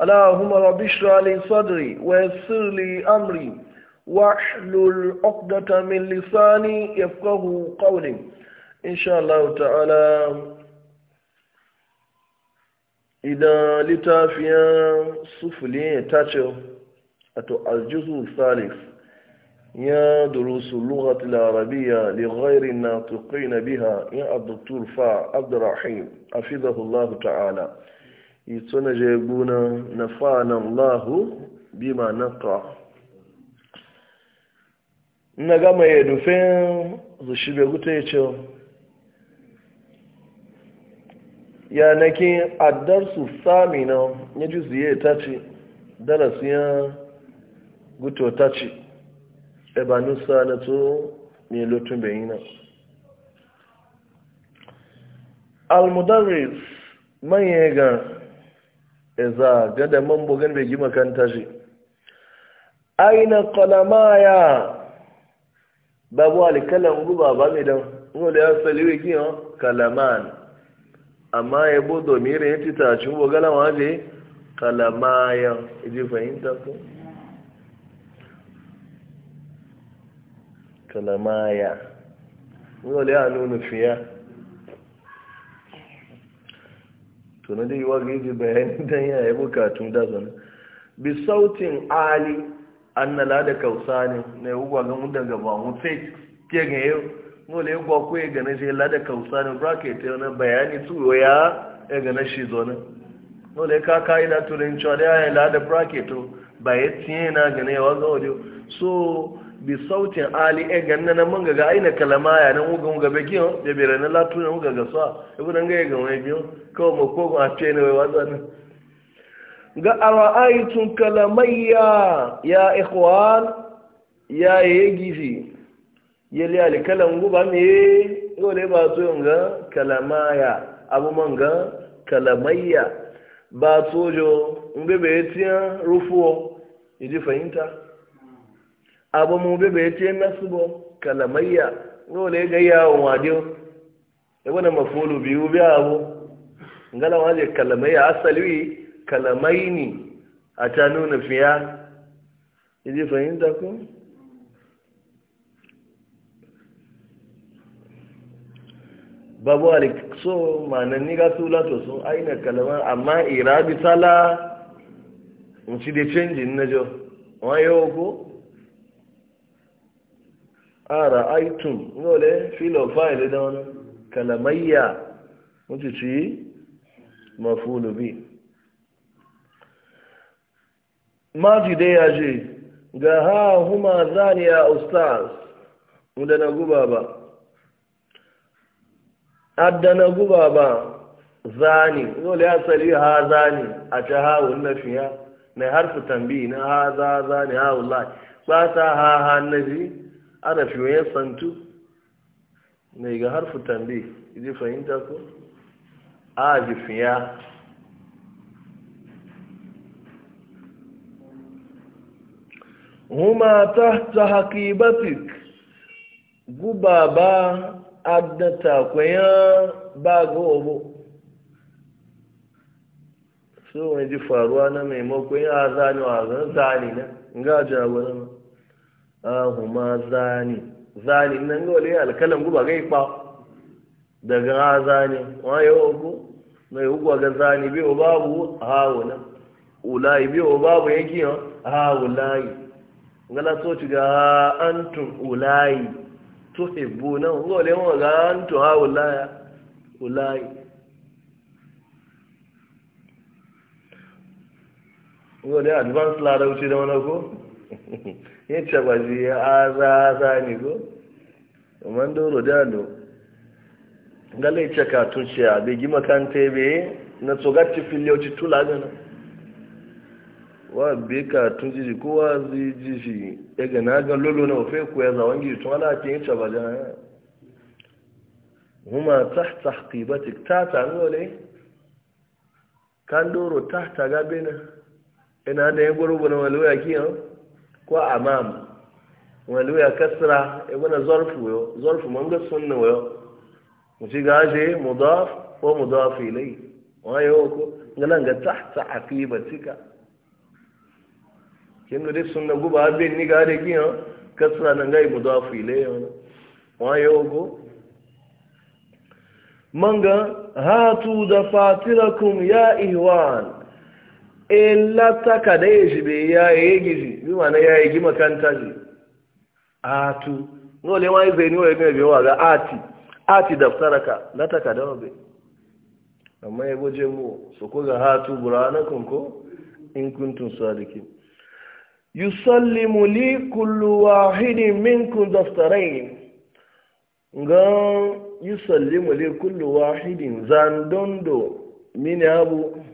اللهم رب اشرح لي صدري ويسر لي امري واحلل عقدة من لساني يفقه قولي ان شاء الله تعالى اذا لتافيا سفلي تاتشو اتو الجزء الثالث يا دروس اللغة العربية لغير الناطقين بها يا الدكتور فا عبد الرحيم حفظه الله تعالى ito na jebu na nafana allahu bima naqa na gama ya dufen zu shibe guta ya ce yanakin addarsu sami na ya ji zuye ta ce darasu guto ta ce ebanusa na to mai lotun bayi na almudarris manye ga Eza gada mambo gani bai gima kanta shi aina kalamaya babu alikala guba ba mai don wanda ya sali wiki yawon kalaman amma ya bo domin ya tita cin bugala waje kalamaya iji fahimta ko kalamaya wanda ya nuna fiya to da dai waga yi bayani don ya yi bukatun da bi sautin ali an na lada kausa ne na yi ugwa ga mudan gaba ke ga yau nola ya gwa ko ya gane shi lada kausa ne bracket ya na bayani tuwo ya ya gane shi zona nola ya kaka ila turin cewa ya yi lada bracket ba ya tiye na gane so bi sautin ali e ganna na manga ga aina kalama ya nan uga uga be kiyo de bere na latu na uga ga sa e budan ga ga wai biyo ko mo ko a ce ne wai wadan ga ara'aytum kalamayya ya ikhwan ya yegifi yeli ali kalam guba me gole ba so nga kalamaya abu manga kalamayya ba sojo ngbe be tiyan rufuo idi fahimta abu mu bi bai ce nasbo kalamayya dole ga yawon wadiyo da wani mafulu biyu biya abu ngala waje kalamayya asali kalamaini a ta nuna fiya idi fahimta ko babu alik so mananni ga su lato sun aina kalama amma irabi sala in ci da canjin na jo wayo ko ara aitum ngole filo file da wani kalamayya mutu ci mafulu bi maji dai ya je ga ha huma zaniya ustaz da na guba ba adda na guba ba zani ngole asali ha zani a ta ha wannan fiya na harfi tambi na ha za zani ha wallahi ba ta ha ha nabi fi wa santu ne ga harfu tambi ji fahimta ko a jifiya huma tahta haqibatik guba ba adata kwaya ba gobo so wani ji faruwa na maimakon ya zani wa zani na ga jawo na ahuma zani zani nan ga wale alkalan guba ga ipa daga ha zani wa ya ogu mai ugwa ga zani bi o babu ha wuna ulai bi o babu yake ha wulayi ngala so ci ga antum ulai tuhibbuna ga wale mo ga antum hawulai ulai ngole advance la da uci da wani ko yin cabaji ya aza za ne go amma doro dano galai caka tun ce a bai gima kanta tebe na tsogarci filiyauci tula gana wa bai ka tun jiji kowa zai jiji ya gana gan lolo na ofe kuwa zawon gidi tun ala ake yin cabaji ya huma tahta qibatik ta ta ne kan doro tahta gabina ina da yin gurbu na walwaya kiyan ko amam wani ya kasra ibn e zarfu yo zarfu man ga sunna yo muci gaje mudaf ko mudaf ilay wayo ko ngalan ga tahta aqibatika kin da sunna guba be ni ga da kiyo kasra nan ga mudaf ilay wayo ko manga hatu da fatilakum ya ihwan in lataka da ya shibe ya yi gizi bi mana ya yi gima kanta shi tu no le wani zai niwa wa ne bi wa ga ati ati daftaraka lataka da wabe amma ya goje mu su ko ga hatu na ko in kuntun kuntum sadiqin yusallimu muli kullu wahidin minkum daftarayn ga yusallimu muli kullu wahidin zandondo mini abu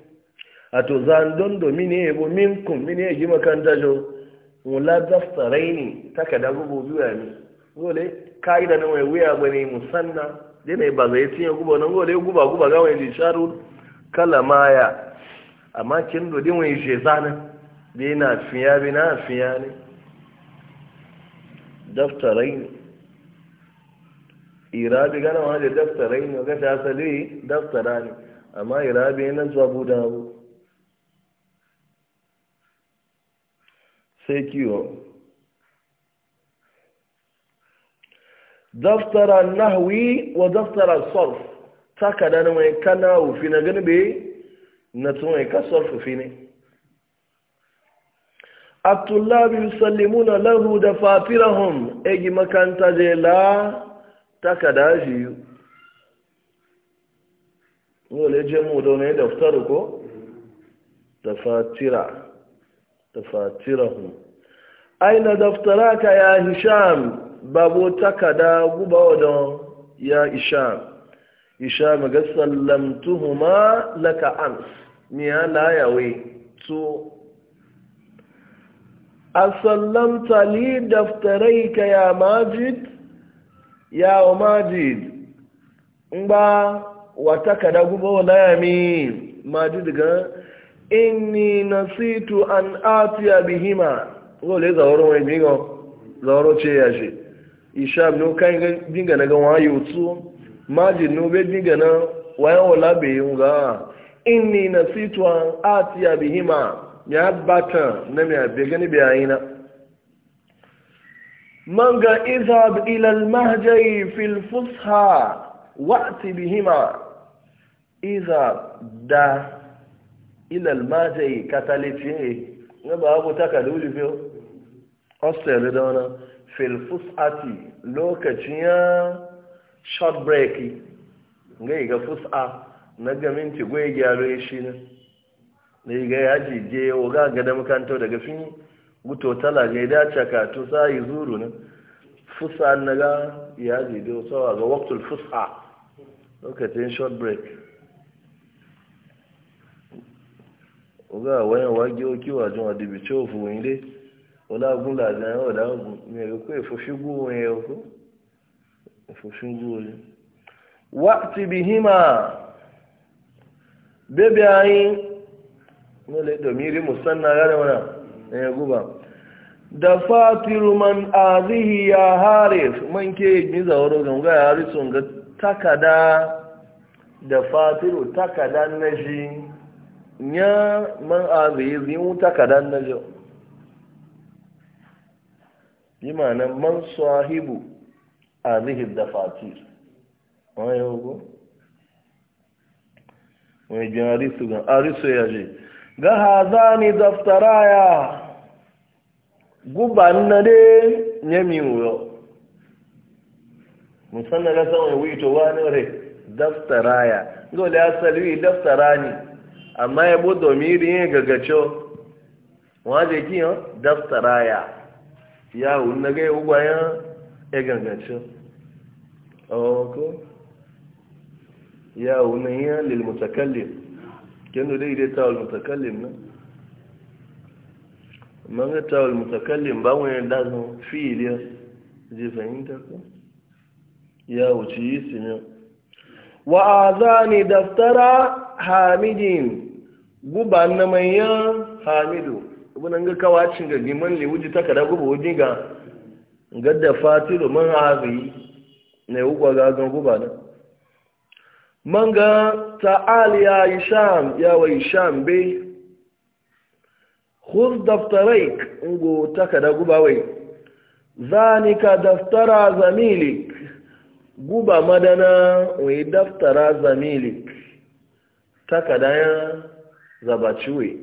ato zandon do mini yabo minkum mini ya gima kan dajo mula daftarai ne taka da gubo biyu ya mi gole ka'ida na mai wuya ba ne musanna yana ba zai tinya guba nan gole guba guba ga wani lisharu kalama ya amma kin do din wani she zana da yana fiya bi fiya ne daftarai ne irabi gana wani daftarai ne ga ta asali daftara ne amma irabi yana zuwa budawo sai kiwo daftara nahwi wa daftara sarf takada na mai kana wufi na ganibe na tun mai ka sarf fi ne abdullabi yusallimuna lahu da fatirahum egi makanta je la takada shi yi wale je mu da wani daftaru ko da fatira tafatirahu aina daftaraka ya hisham babu takada guba wadon ya hisham hisham ga sallamtuhuma laka ni ya layawe to asallamta li daftaraika ya majid ya wa majid ngba wa takada guba wadon ya mi majid ga inni nasitu an atiya bihima gole zauro mai bingo zaworo ce ya ce isha no kan dinga na gan wayo tsu maji no be dinga na wayan wala be ga inni nasitu an atiya bihima ya bata na mi be gani be ayina manga izhab ila al mahjai fil fusha wa'ti bihima izab da ilal yi majayi katalifiye na ba abu takardu ulifiyo hostel da wani filfus ati lokacin ya short break ga iga fus'a na gaminti gwai gyaro ya shi ne na da iga yaji je yawo ga gada makanto daga fin guto tala ga ya caka to sa yi zuru ne fus'a na ga yaji da sawa ga waktul fus'a lokacin short break oga wayan wage oki wajen wa dibi tí ó fún ilé ọlágún làgbà ẹ̀họ́ ní ẹ̀rọ pé ìfòṣígún wọn yẹ ọkọ ìfòṣígún wọn wá ti bí hímà bébí ayín rí wọn ẹ̀yẹ gúbà da fatiru man azihi ya hari man ke gniza wuro ga hari sun ga takada da fatiru takada na shi nya man a zai wuta kadan na jau yi mana man sahibu a zihir da fatir wani yau wani jin arisu gan arisu ya je ga haza ni ya guban na dai nyami wuyo musamman na saman to wani rai daftaraya dole asali daftara ne amma ya bu domiri yin gagacho waje kiyo daftara ya ya wunna ga ugwayen ya gagacho ọkọ ya wunna lil mutakallim kendo dai dai tawul mutakallim na ga tawul mutakallim ba wani dazin ya ji fahimta ko ya wuce yi sinin wa'azani daftara hamidin guba na manyan hamidu nan ga kawacin ga liman liwuji ta kada guba wajen ga gadda fati man hazi na yi ga gagan guba na man ga ta'ali ya yi sham ya wa yi sham bai khuz daftarai ngo ta kada guba wai zanika daftara zamilik guba madana wai daftara zamilik takada ya زباچوي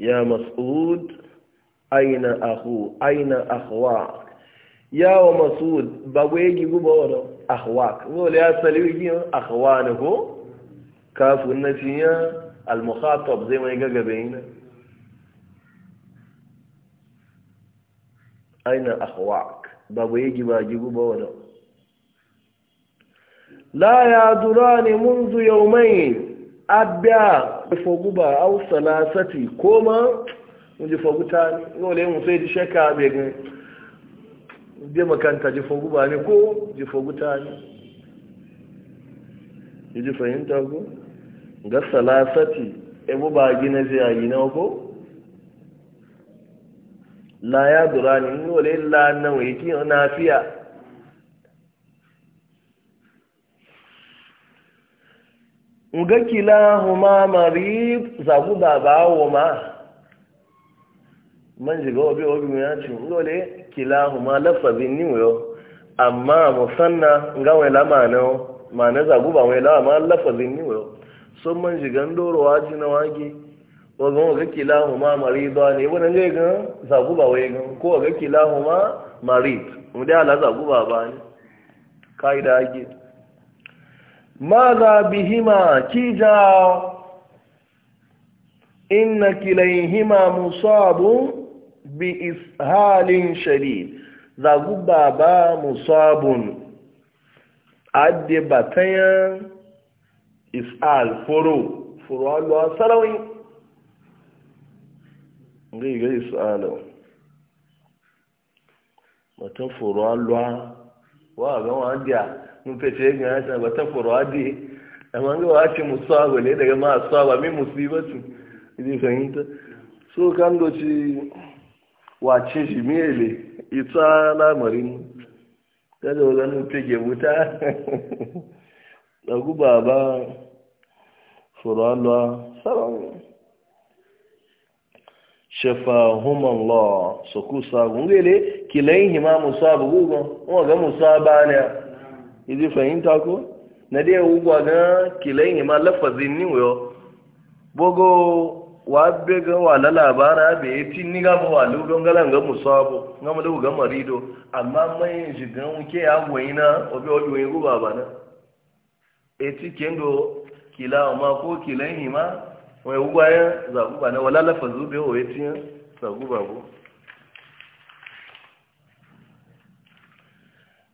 يا مسعود اين اخو اين اخواك يا مسعود باويغي غبور اخواك ولا سليغي اخوانه كافو النفي المخاطب زي ما يجا بين اين اخواك بويجي باجي غبور لا يا منذ يومين abia fogu ba salasati koma unji fogu ta ngole sai sheka be ga je makanta ne ko ji ne yaji fahimta ko ga salasati e bu ba gina je a gina ko la ya durani la ki na fiya nga kilahuma marib zagu baba wo ma man jiga obi obi ya ci ngole kilahuma lafazin ni wo amma musanna nga wela mana mana zagu ba wela ma lafazin ni wo so man jiga ndoro waji na wage wa ga ga kilahuma marida ne wannan na ga zagu ba wai ga ko ga kilahuma marid mu da ala zagu baba ne kaida ake ماذا بهما كيجا إن كليهما مصاب بإسهال شديد ذا بابا مصاب أدي باتيا إسهال فرو فرو الله سروي غير إسهال متى فرو الله وأبا وأدي mfece ga hata ba ta furwadi amma ga wace musaba ne daga ma asaba min musibatu idan fahimta so kan doci wace shi mele ita lamarin kada wani fige wuta da guba ba furalwa sarau shefa human law kusa gungele kilayin hima musabu gugun wa ga musaba ne izi fahimta ko na dai ugwa ga kilayin ma lafazin ni yo bogo wa be ga wala labara be tin ni ga wa lugon galan ga musabo ngam lu ga marido amma mai jigan ke ya goyina obi obi yin guba bana eti kendo kila ma ko kilayin ma wai ugwa ya zaguba na wala lafazu be o eti zaguba ko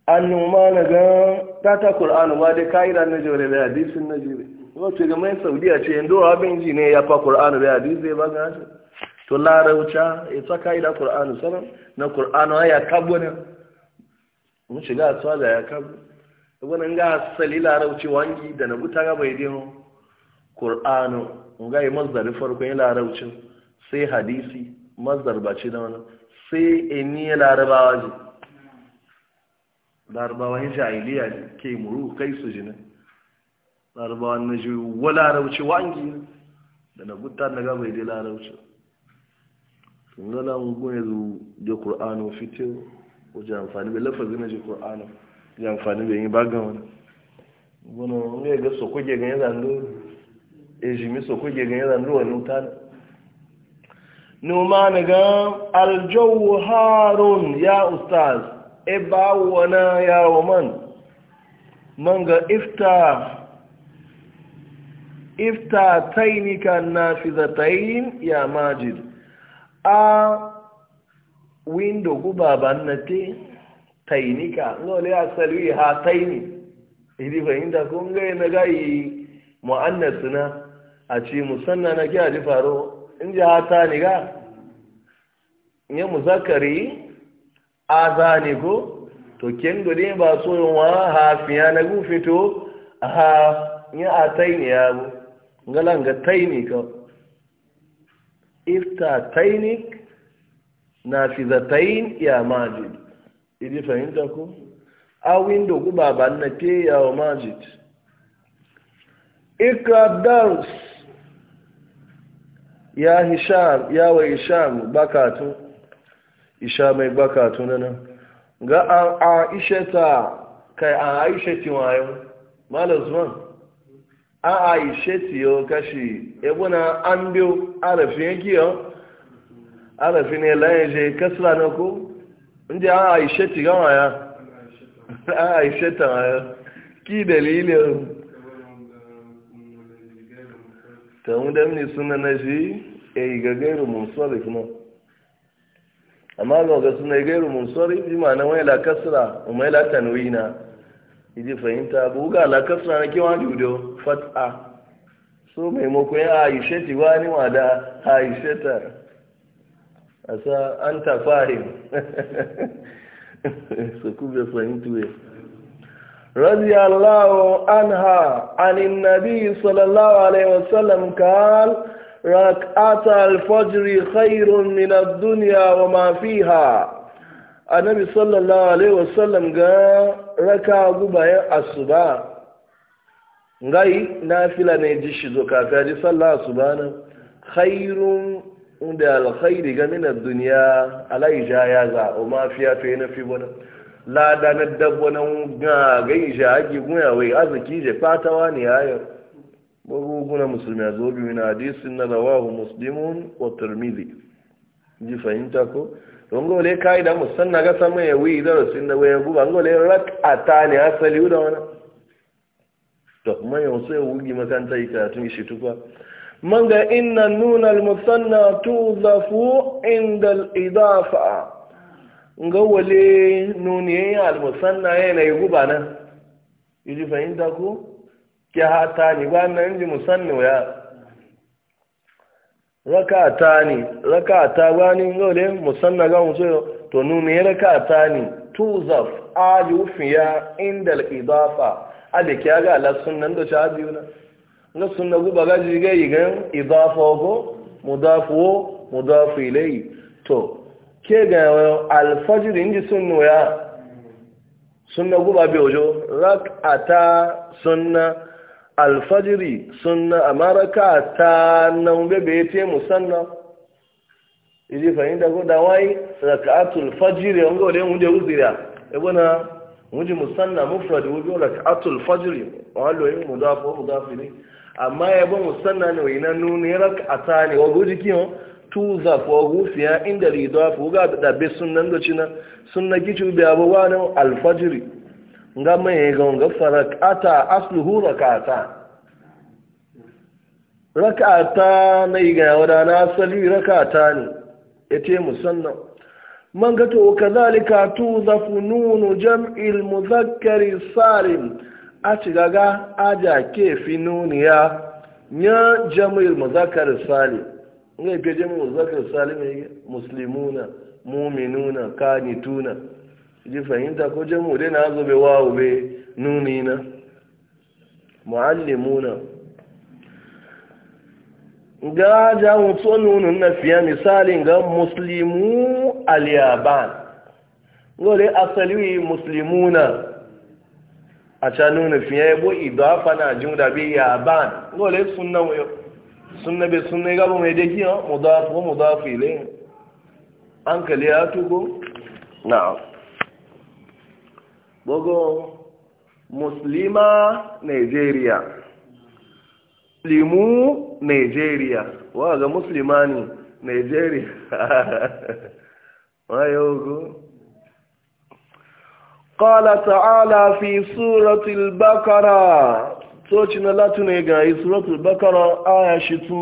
annuma na ga tata Kur'anu ba dai kaida na jere da hadisin na jere. wato ga mai saudiya ce yando abin ji ne ya fa Kur'anu da hadisi ba ga shi to ya sa kaida Kur'anu sanan na qur'anu ya kabo ne mun shiga tsawa da ya kabo Wani ga asali larauci wangi da na buta ga bai dino qur'anu ga yi masdar farko yin laraucin sai hadisi masdar ba ce da wani sai eniya larabawa ji larabawan jahiliya ne ke muru kai su jini larabawan na ji wa larauci wangi da na gutta na gaba dai larauci sun gana gun yanzu da ƙur'anu fitin wajen amfani bai lafazi na ji ƙur'anu ya amfani bai yi bagan wani gwanon ya ga sokoge ganye zando ejimi sokoge ganye zandu wani mutane numa na ga aljawharun ya ustaz e ba wana yawo man manga ga ifta ifta tainika nafizatain ya majid a windo guba bannate tainika ngole asali ha taini idi fahimta kun ga na gayi mu'annas na a ce musanna na ji faro in ji ha ta ni ga ya muzakari azani ko to ken gode ba so yin wa hafiya na gufi to ha ya a taini ya bu ngalan ga taini ko ifta taini na fi za tain ya majid idi fahimta ko a windo ku baba na ke ya wa majid ikra dance ya hisham ya wa hisham bakatun isha mai baka tunanan ga an aishata kai a aishati wayo malam zuwan an aishati yau kashi ebuna an biyu arafi yanki yau arafi ne layin je kasra na ku inda an aishati ga waya an aishata wayo ki dalilin ta wunda mini suna na shi e gagairu mun sarrafa amma ga ga suna gairu sori bi ma'ana wai la kasra wa mai la tanwina idi fahimta buga ga la kasra na kewa judo fat'a so maimakon ya aisha ti wani wa da aisha asa an ta fahim su kube fahimtu ya رضي الله عنها عن النبي صلى الله عليه وسلم قال khairun min ad-dunya wa ma fiha annabi sallallahu alaihi wasallam ga raka guba 'yan asuba ngai nafila ne ji shi zo kafin ji sallah asuba na inda da khair ga minar duniya alaija ya za o ma fiya to yana fi wani lada na na ga gaija ake gunya wai arziki je fatawa ne ya maguguna musulmi a zobi min hadisin na rawahu muslimun wa tirmidhi ji fahimta ko don gole ka'ida musan na ga mai ya wi da waya guba an gole rak'ata ne asali da wani to kuma yanzu ya wugi makanta yi karatun shi tufa man ga inna nuna musanna tuzafu inda idafa ga wale nuniyayen al-musanna yana yi guba nan yi fahimta ko ya hata ni ba na inji musanni ya rakata ni rakata ba ni ngole musanna ga mu so to nu me rakata ni tuzaf ajufiya inda al-idafa abe kiya ga la sunnan do cha biyu na na sunna guba ga ji ga yigan idafa go mudafu mudafu ilay to ke ga al-fajr inji sunnu ya sunna guba be ojo rakata sunna alfajiri suna amma raka ta nan bebe te musanna iji fahimta ko da wai raka'atul fajiri wanga wale mun je uzira e bona mun je musanna mufrad wo bi raka'atul fajiri a yin eh, mudaf wa oh, mudaf ne amma ya bon musanna ne wai nan raka a ta ne wo guji kiyo oh, tu za fo gufiya inda ridaf wo ga da be Sunan do cina sunan gichu biya abuwa nan alfajiri nga mai ga nga farakata hura rakata rakata na yi gaya wada na asali rakata ne ce musamman man ga to kazalika zafi nunu jam'il mudhakkari salim a cigaga aja ke fi finuniya nya jam'il mudhakkari salim nga ke jam'il mudhakkari salim musulmuna, mu'minuna kanituna ji fahimta ko jamu dai na zobe wawo be nuni na muallimuna ga jamu tsonunun na fiya misalin ga muslimu aliyaban gole asali muslimuna a can nunu fiye bo idafa na jin da bi yaban gole sunna sunna be sunna e ga bo mai deki ha mudaf ko mudaf ilayhi an kale ya tugo na'am gbogbo muslima nigeria limu nigeria wọ́n ga muslima ni nigeria ha ha ha Kọ́lá ta'ala fi sóòrọ̀tù bákọ́rọ̀ tó ṣiná látún ní ga ìsúrọ̀tù bákọ́rọ̀ ayà ṣetú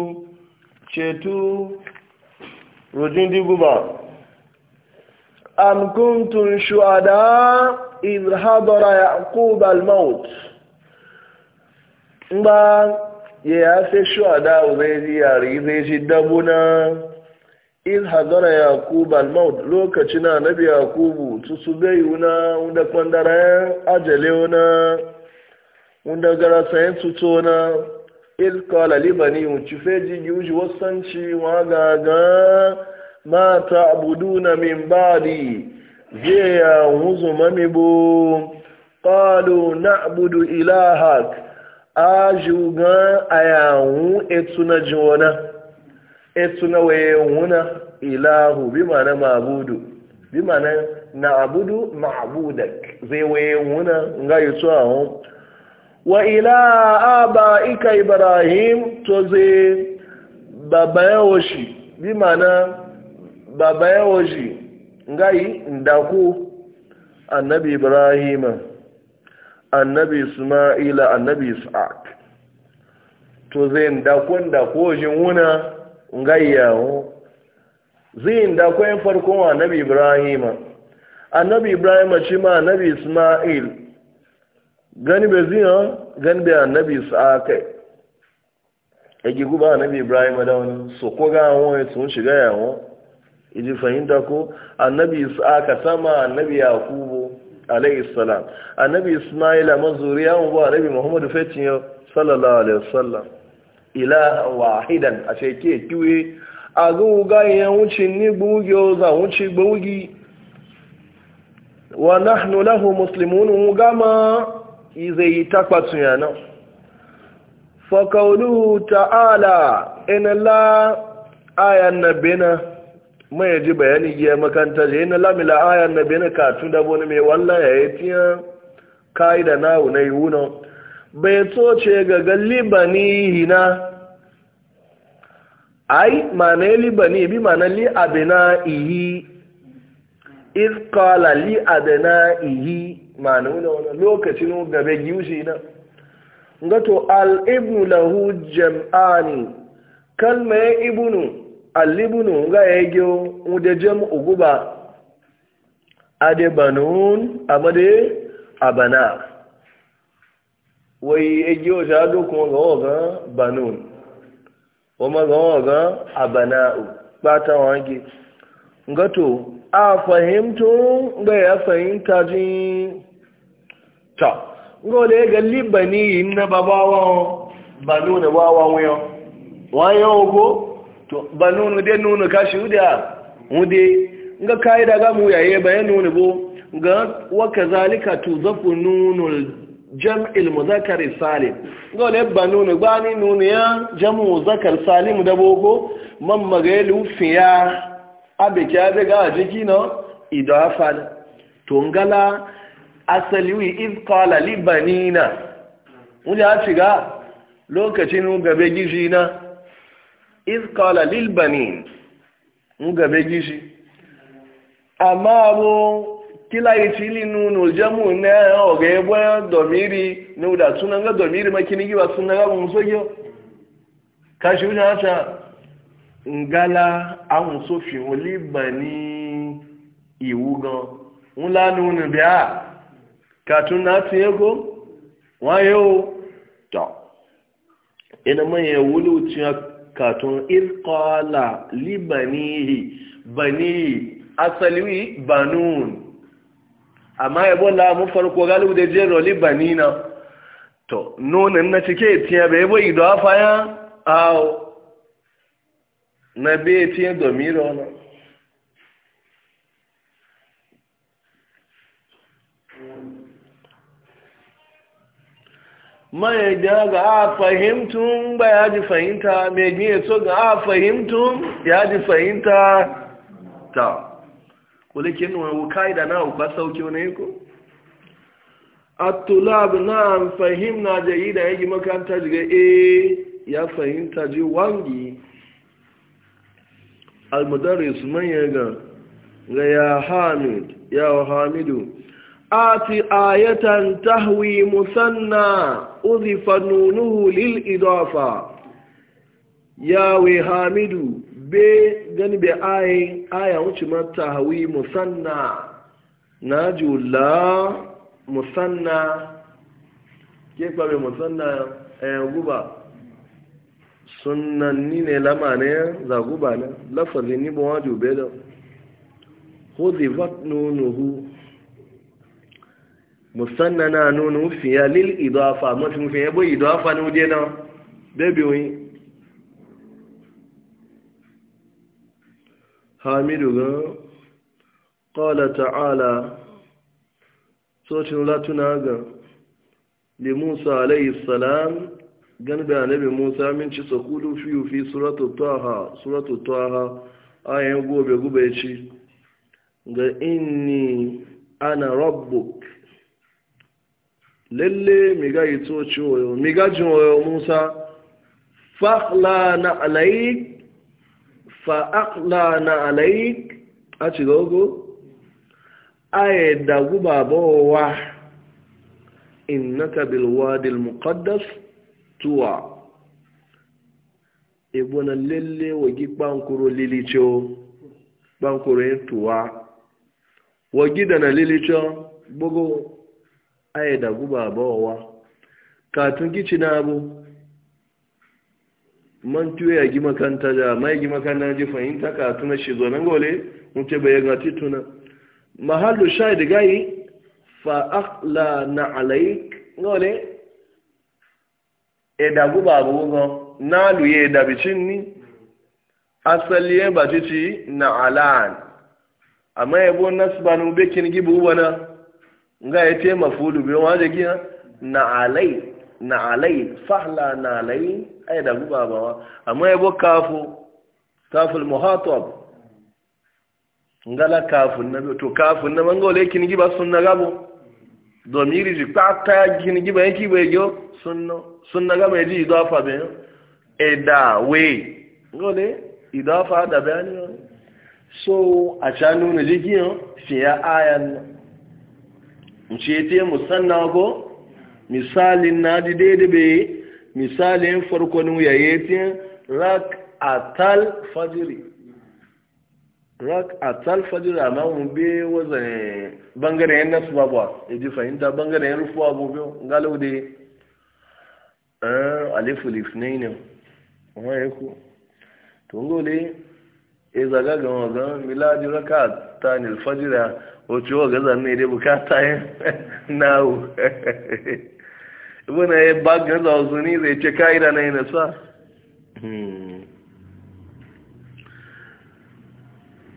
ṣetú rọ̀dín dígúbà. إذ حضر al الموت ba ya fi shuhada ubeji yari zai ji dabuna in hazara yakub al-maut lokacin annabi yakubu tusu bai wuna wanda kwandara ajale wuna wanda gara sayan tuto na il qala li bani uchifeji yuji wasanci wa gaga ma ta'buduna min ba'di ziyya wuzu mamibu qalu na ilahak ajuga ayawu etuna jona etuna wayewuna ilahu bimana mabudu bimana na'budu ma'budak zai wayewuna nga yutu ahu wa ila ika ibrahim to zai babayawoshi bimana babayawoshi ngayi ndaku annabi ibrahim annabi isma'ila annabi isaac to zai ndaku ndaku kojin wuna ngayyawo zai ndakon farkon annabi ibrahim annabi ibrahim shi ma annabi isma'il gani bai zina gani bai annabi isaac ya guba annabi ibrahim da wani su ko ga wani sun shiga yawon iji fahimta ko annabi aka sama annabi yakubu alayhi salam annabi ismaila mazuriya mu ba annabi muhammad fetin ya sallallahu alaihi wasallam ilaha wahidan a sheke kiwe a guga ya wuce ni o, za wuce bugi wa nahnu lahu muslimun gama izai takwatun yana fa qawluhu ta'ala in la ayan nabina mai ji bayani giya makanta je na lamila ayan na bene ka tun da bone mai walla ya yi tiya kai da na wuna yi wuna bai toce ga ga libani hina ai mane libani bi na li abina ihi iz qala li abina ihi mane wuna wani lokacin gabe giushi na ngato al ibnu lahu jam'ani kalma ibnu alibunu nga egyo mudejem uguba adebanun amade abana wai egyo jado kuma ga oga banun kuma ga oga abana bata wangi ngato a fahimto nga ya fahimta jin ta ngole ga libani na babawa banun wawa wayo wayo ko to ba nunu dai nunu kashi huda hude ga kaida ga mu yaye bayan nunu bo ga wa kazalika tuzafu nunul jam'il muzakkar salim ga le ba nunu ba ni nunu ya jam'u zakar salim da boko man magailu fiya abe kya daga jiki no idafa to ngala asali iz qala li banina wuya shiga lokacin gabe gijina izkala lilbanin n gabe amma abu kila itili nunu jamu ne oga ebo domiri ne uda sunan ga domiri makini giwa sunan ga mun so yo kashi una ta ngala awon so fi won libani iwu gan un la nunu a katun na ti ego katun irkola libanihi bani asaliwi banun amma yabo lamun farko galibu da jero na to nonin na cike tiya bai yabo idawa fayan awo na bai tiya domin na mai da ga a fahimtun ba ya ji fahimta mai gina so ga a fahimtun ya ji fahimta ta kulikin wukai da na hukwa sauki wani ko? atulab na fahim na jayi da yi makaranta jiga e ya fahimta ji wangi almudaris man yaga ga ya hamid ya hamidu آت آية تهوي مثنى أضف نونه للإضافة يا وهامد be gani be aye aya wuce mata hawi musanna na jula musanna ke be guba sunanni ne lama ne ni bon nunuhu musannana nunu fiya lil idafa mafi mafi yabo idafa ni wuje na bebi wani hamidu ga ƙala ta'ala socin latuna ga li musa alayhi salam gan da annabi musa min ci sakulu fi fi suratu taha suratu taha ayan gobe gube ci ga inni ana rabbuk lalle miga yi toci wayo miga jin wayo musa fa'la na alaik fa'akla na alaik a ci gogo a da guba bawa innaka bil wadi al muqaddas tuwa ibona lalle wagi bankuro lilicho yin tuwa wagi da na lilicho gogo Aya da guba bawawa katun kici na abu man tuyo ya gi makanta da mai gi makanta ji fahimta katun shi zo nan gole mutu bai ga tituna mahallu shahid gai fa akla na alaik gole e da guba abu go na luye da bicin ni asali ba titi na alan amma yabo nasbanu bekin gibu wana nga ya ce mafulu biyu ma da gina na alai na alai fahla na alai ai da guba ba wa amma ya bo kafu kaful muhatab ngala kafun na to kafun na manga wale kini giba sunna gabo domiri ji kwata kini giba yanki bai gyo sunna sunna gaba yaji idafa bai e da we ngole idafa da bayani so a chanu nuna jikin fiya ayan mcete musanna ko misalin na ji daidai bai misalin farkon yayyatin rak atal fajiri rak atal fajiri amma mun be wazan bangaren nasu babu ya ji e fahimta bangaren rufuwa gobe galau da eh, alifu lifnai ne wani ku tun gole ya e zaga ga wagan miladi rakat tani alfajira wace wa gaza ne dai bukata yin nawo ibina ya ba gaza wasu ni zai ce ka'ida na yi nasa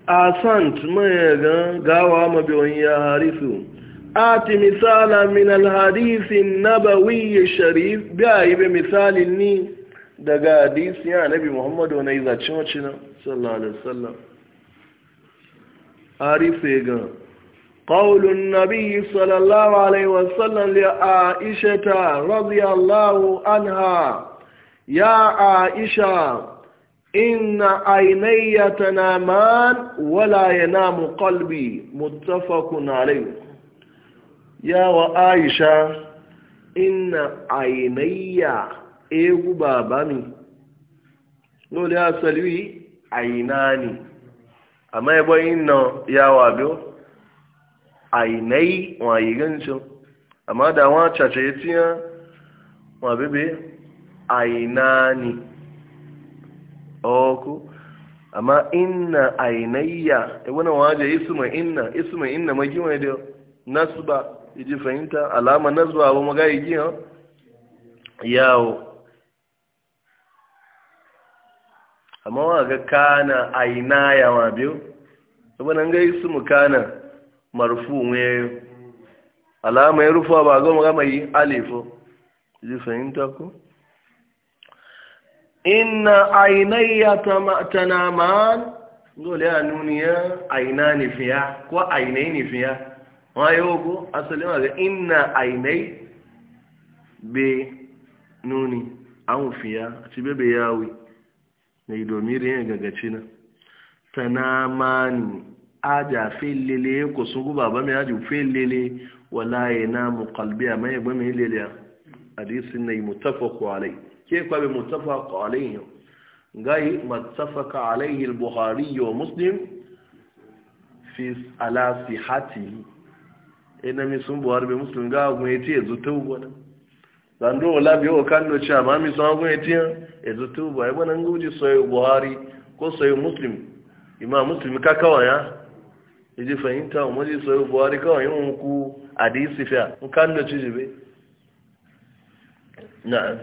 a sant mai ga gawa mabiyan ya harisu ati misala min alhadisi nabawi sharif biya yi be misalin ni daga hadisi ya nabi muhammadu na yi zace wacce na sallallahu alaihi wasallam أريفيغا قول النبي صلى الله عليه وسلم لعائشة رضي الله عنها يا عائشة إن عيني تنامان ولا ينام قلبي متفق عليه يا وعائشة إن عيني إيه باباني نولي أسألوي عيناني amma ebe onye nan ya wabiyo a yi na yi wa yi gancin amma da nwa cace ya tiya wa bebe a yi na ni oku amma inna a yi na yi ya wani waje isma inna ma inna magiwa da nasu ba iji fahimta alama nasu abu magayi giyan yawo amma wa ga kana aina ya wa biyu saboda ga ismu kana marfu ne alama ya rufa ba ga magana yi alifu ji fahimta ko inna ainayya tanaman dole ya nuni ya aina ni fiya ko ainai ni fiya wayo ko asali wa ga inna ainai be nuni an fiya ci bebe yawi na da yin gagaci na tanamani aja felele ko sun guba ba mai aji felele wala ya na mu kalbi a mai ba mai lele hadisin na yi mutafaku alai ke kwabe mutafaku alai yau gai kwalai alai buhari wa muslim fi ala hati ina mi sun buhari bai muslim ga gwamnati ya zo ta wani zandu olabi o kanno cha ma mi so agun etian ezo tubo e bona ngu ji so e buhari ko so muslim imam muslim ka ka wa ya e ji fa inta o mo ji so buhari ka wa yun ku hadisi fa o kanno ji be na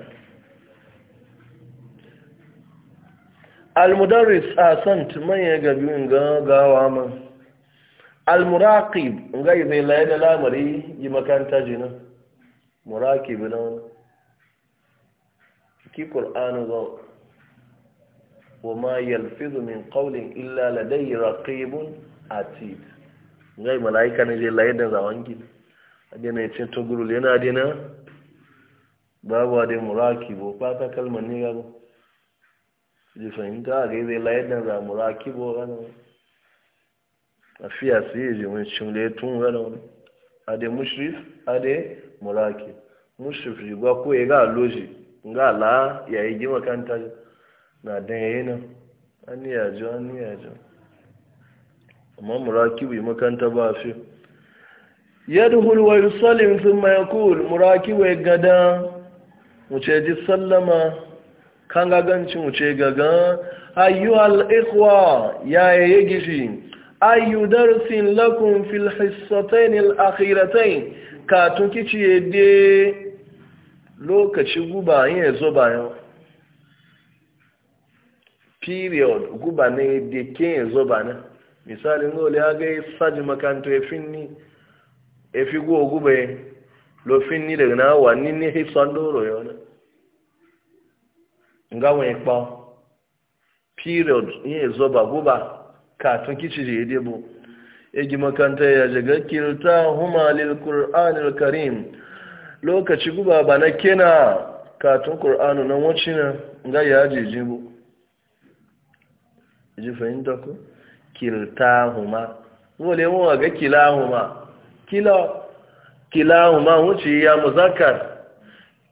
al mudarris asant ah, man ya ga bin ga gawa ma al muraqib ngai zai la yada lamari yi makanta jinan muraki bi na wani ki ƙur'anu zan wa ma yalfizu min qawlin illa ladayhi raqibun atid ngai malaika ne je laye da zawangi adina ya ce to gurul yana adina babu adin murakibo fata kalmar ne gaba ji fahimta ga zai laye da za su yi wani muraki mushifri gwa ko ya ga loji ga la ya yi makanta na dan yayi an ya an ya amma amma bu yi makanta ba fi yadhul wa yusallim thumma yaqul muraki wa gada mu ce ji sallama kan gaganci mu ce gaga ayyuhal ikhwa ya yayi gishi ayu darsin lakum fil hissatayn al akhiratayn katun kici ya de lokaci guba yin ya zo bayan period guba ne da ke ya zo bayan misalin gole ya ga saji makanto ya finni ya fi guwa guba ya lo finni daga na wani ne hisan doro ya wani nga wọn period yin ya zo ba guba katun kici ya de bu egi makanta ya jaga kilta huma lil qur'anil karim lokaci guba ba na kina katun qur'anu nan wacce na ga ya ji bu ji fahimta ko kilta huma wole mu ga kila huma kila kila huma wuce ya muzakkar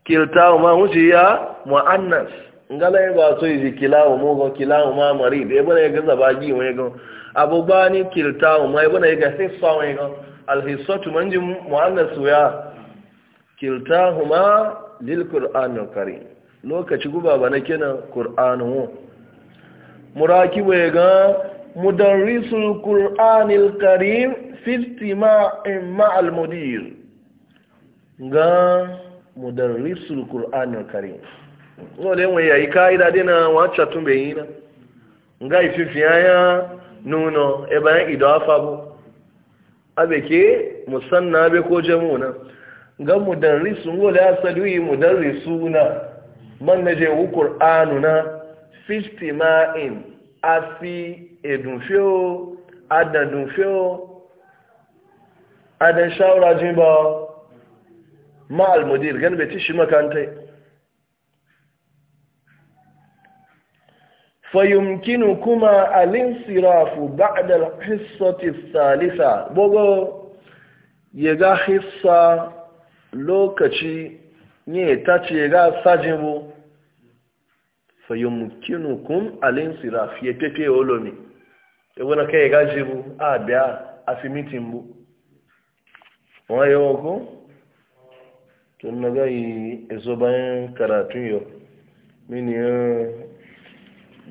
kilta huma wuce ya muannas ngala yi ba so izi kilawo kila kilawo ma mari be bana ya gaza ba gi wani go abugba ni kiltawo ma bana ya gasi sa wani go alhisatu manji muannas ya huma lil qur'anil karim lokaci guba bana kenan qur'anu murakibe ga mudarrisul qur'anil karim fi istima'in ma'al mudir ga mudarrisul qur'anil karim nwole nwe ya ike anyị dadị na nwa achọtụbeghị na nga ififi anya n'ụlọ ebe anyị ido afa bụ abeke musanna abekwa jemuna ga mudarrisu nwole asali yi mudarrisu na man na je wu qur'anu na fifty ma'in afi edunfio adadunfio adan shawra jimba ma almudir gan beti shi makantai kuma alinsirafu ba'da al-hissati salisa bogo bogo ga hissa lokaci ne tace ga sajibu fayumkinukum alinsirafu yetete olomi ebona kai ga bu abia yi wayo ko tun naga yi ezo bayan karatun yo mini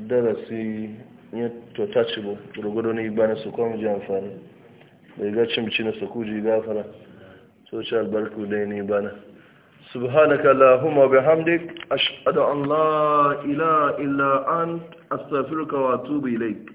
darasi ya to tace bu ne ba na su kuma ji amfani bai ga cimci na su kuji gafara social albarku dai ne bana subhanaka allahumma bihamdik ashhadu an la ila illa an wa tubi lake